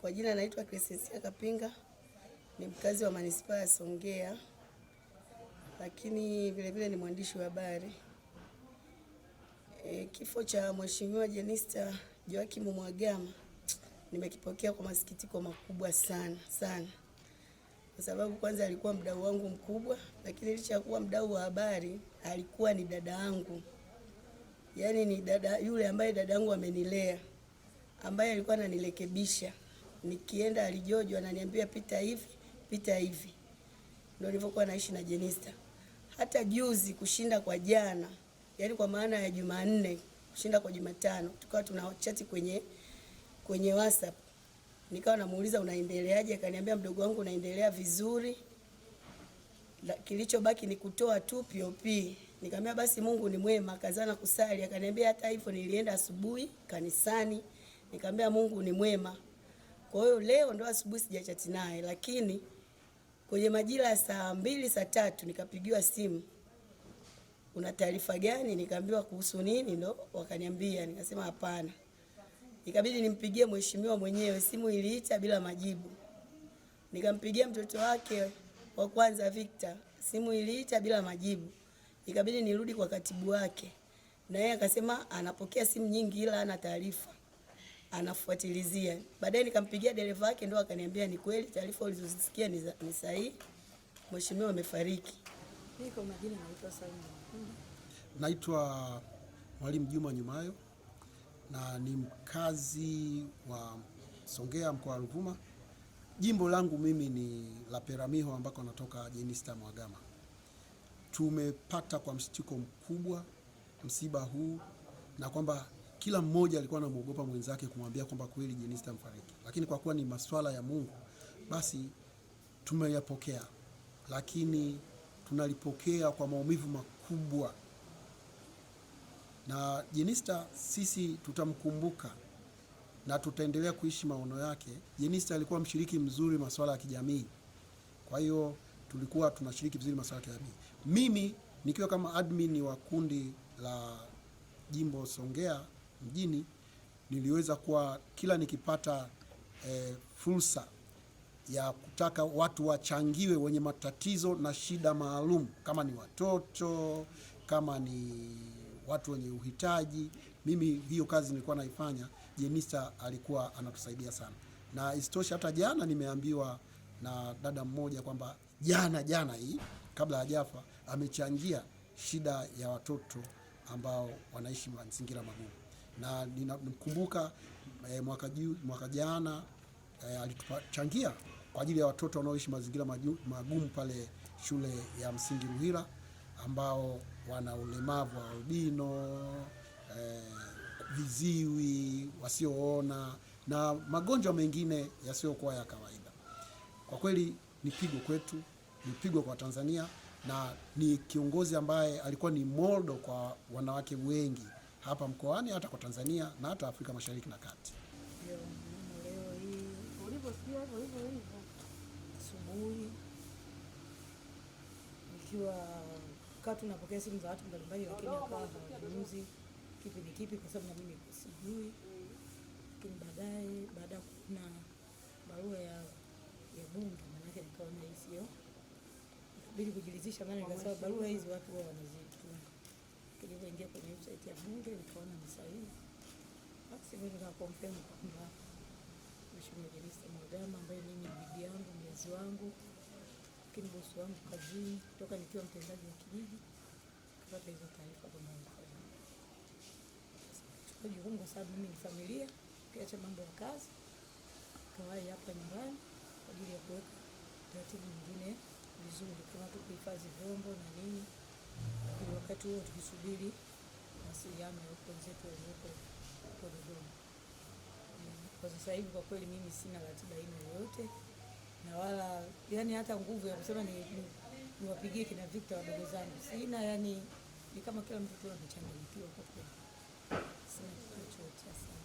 Kwa jina naitwa Krisisia Kapinga, ni mkazi wa manispaa ya Songea, lakini vilevile ni mwandishi wa habari. E, kifo cha Mheshimiwa Jenista joakimu Mhagama nimekipokea kwa masikitiko makubwa sana sana kwa sababu kwanza alikuwa mdau wangu mkubwa, lakini licha ya kuwa mdau wa habari alikuwa ni dada yangu, yaani ni dada yule ambaye dada yangu amenilea, ambaye alikuwa ananirekebisha nikienda. Alijojo ananiambia pita hivi, pita hivi. Ndio nilivyokuwa naishi na Jenista. Hata juzi kushinda kwa jana, yani kwa maana ya Jumanne kushinda kwa Jumatano, tukawa tunachati kwenye kwenye WhatsApp nikawa namuuliza unaendeleaje? Akaniambia mdogo wangu unaendelea vizuri, kilichobaki ni kutoa tu POP. Nikamwambia basi Mungu ni mwema, kazana kusali. Akaniambia hata hivyo nilienda asubuhi kanisani, nikamwambia Mungu ni mwema. Kwa hiyo leo ndo asubuhi sijachati naye, lakini kwenye majira ya saa mbili saa tatu nikapigiwa simu, una taarifa gani? Nikaambiwa kuhusu nini, ndo wakaniambia. Nikasema hapana. Ikabidi nimpigie mheshimiwa mwenyewe, simu iliita bila majibu. Nikampigia mtoto wake wa kwanza Victor, simu iliita bila majibu. Ikabidi nirudi kwa katibu wake, na yeye akasema anapokea simu nyingi, ila ana taarifa, anafuatilizia. Baadaye nikampigia dereva wake, ndo akaniambia ni kweli taarifa ulizozisikia ni sahihi, mheshimiwa amefariki. Niko majina, naitwa Salma, naitwa Mwalimu Juma Nyumayo na ni mkazi wa Songea mkoa wa Ruvuma. Jimbo langu mimi ni la Peramiho ambako natoka Jenista Mhagama. Tumepata kwa msitiko mkubwa msiba huu na kwamba kila mmoja alikuwa anamwogopa mwenzake kumwambia kwamba kweli Jenista mfariki, lakini kwa kuwa ni maswala ya Mungu basi tumeyapokea, lakini tunalipokea kwa maumivu makubwa na Jenista sisi tutamkumbuka na tutaendelea kuishi maono yake. Jenista alikuwa mshiriki mzuri masuala ya kijamii, kwa hiyo tulikuwa tunashiriki vizuri masuala ya kijamii. Mimi nikiwa kama admin wa kundi la jimbo Songea mjini, niliweza kuwa kila nikipata e, fursa ya kutaka watu wachangiwe wenye matatizo na shida maalum, kama ni watoto, kama ni watu wenye uhitaji. Mimi hiyo kazi nilikuwa naifanya, Jenista alikuwa anatusaidia sana, na isitoshe hata jana nimeambiwa na dada mmoja kwamba jana jana hii kabla hajafa amechangia shida ya watoto ambao wanaishi mazingira magumu, na ninakumbuka eh, mwaka, mwaka jana eh, alituchangia kwa ajili ya watoto wanaoishi mazingira magumu pale shule ya msingi Ruhila ambao wana ulemavu wa albino eh, viziwi, wasioona na magonjwa mengine yasiyokuwa ya kawaida. Kwa kweli ni pigo kwetu, ni pigo kwa Tanzania, na ni kiongozi ambaye alikuwa ni modo kwa wanawake wengi hapa mkoani, hata kwa Tanzania na hata Afrika Mashariki na Kati. Asubuhi nikiwa tu napokea simu za watu mbalimbali, lakini akawa hawazungumzi kipi ni kipi, kwa sababu na mimi sijui. Lakini baadaye baada ya kuona barua ya ya Bunge, maanake nikaona hii sio, ikabidi kujilizisha, maana nikasema barua hizi watu wao wanazitua. Nilipoingia kwenye website ya Bunge nikaona ni sahihi, basi mimi nikakonfirm kwamba Mheshimiwa Jenista Mhagama ambaye mimi ni bibi yangu, mlezi wangu lakini bosi wangu kazini, toka nikiwa mtendaji wa kijiji, kupata hizo taarifa kwa mama jukumu, kwa sababu mimi ni familia, ukiacha mambo ya kazi kawai hapa nyumbani kwa ajili ya kuweka taratibu nyingine vizuri, kuna watu kuhifadhi vyombo na nini, ili wakati huo tukisubiri mawasiliano ya wenzetu waliopo huko Dodoma. Kwa sasa hivi kwa kweli mimi sina ratiba aina yoyote na wala yani hata nguvu ya kusema ni niwapigie kina Victor wadogo zangu sina, yani ni kama kila mtu tu amechanganyikiwa kwa kweli, sina kitu chochote.